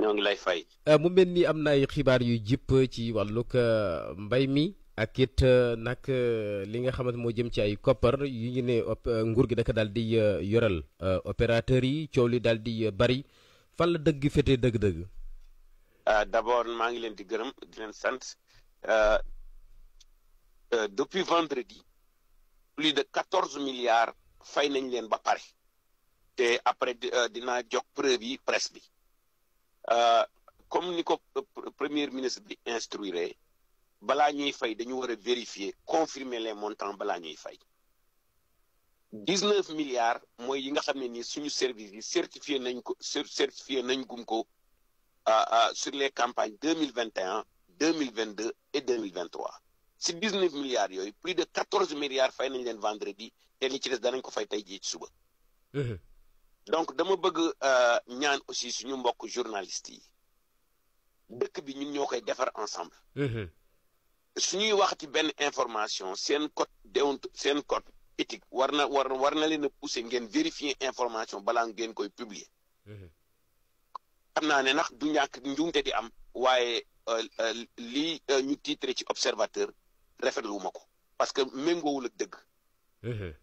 ñoo ngi lay fay. Euh, mu mel ni am na ay xibaar yu jipp ci wàllug euh, mbay mi ak it euh, nag li nga xamante moo jëm ci ay koppar yu ñu ne nguur gi daka daal di yoral opérateurs yi coow li daal di bari fan la dëgg féete dëgg-dëgg. d'abord maa ngi leen di gërëm di leen sant depuis vendredi. plus de quatorze milliards fay nañ leen ba pare. te après euh, dinaa jox preuve yi presse bi euh, comme ni ko premier ministre bi instruire balaa ñuy fay dañu war a vérifier confirmer les montants balaa ñuy fay dix neuf milliards mooy yi nga xam ne ni suñu service yi certifié nañ ko certifié nañ gum ko euh, sur les campagnes deux mille vingt et un deux mille vingt deux et deux mille trois si dix neuf milliards yooyu plus de quatorze milliards fay nañ leen vendredi te li ci des danañ ko fay tey jii ci suba. donc dama bëgg euh, ñaan aussi suñu mbokk journaliste yi dëkk bi ñun ñoo koy defar ensemble mhm. suñuy wax ci benn information seen code déwont seen code éthique war na war war na leen a pousser ngeen vérifier information balaa ngeen koy publier mhm. xam naa ne nax du ñàkk njuumte di am waaye euh, euh, lii ñu tiitre ci observateur rafetlu wu ma ko parce que méngoowul ak dëgg mhm.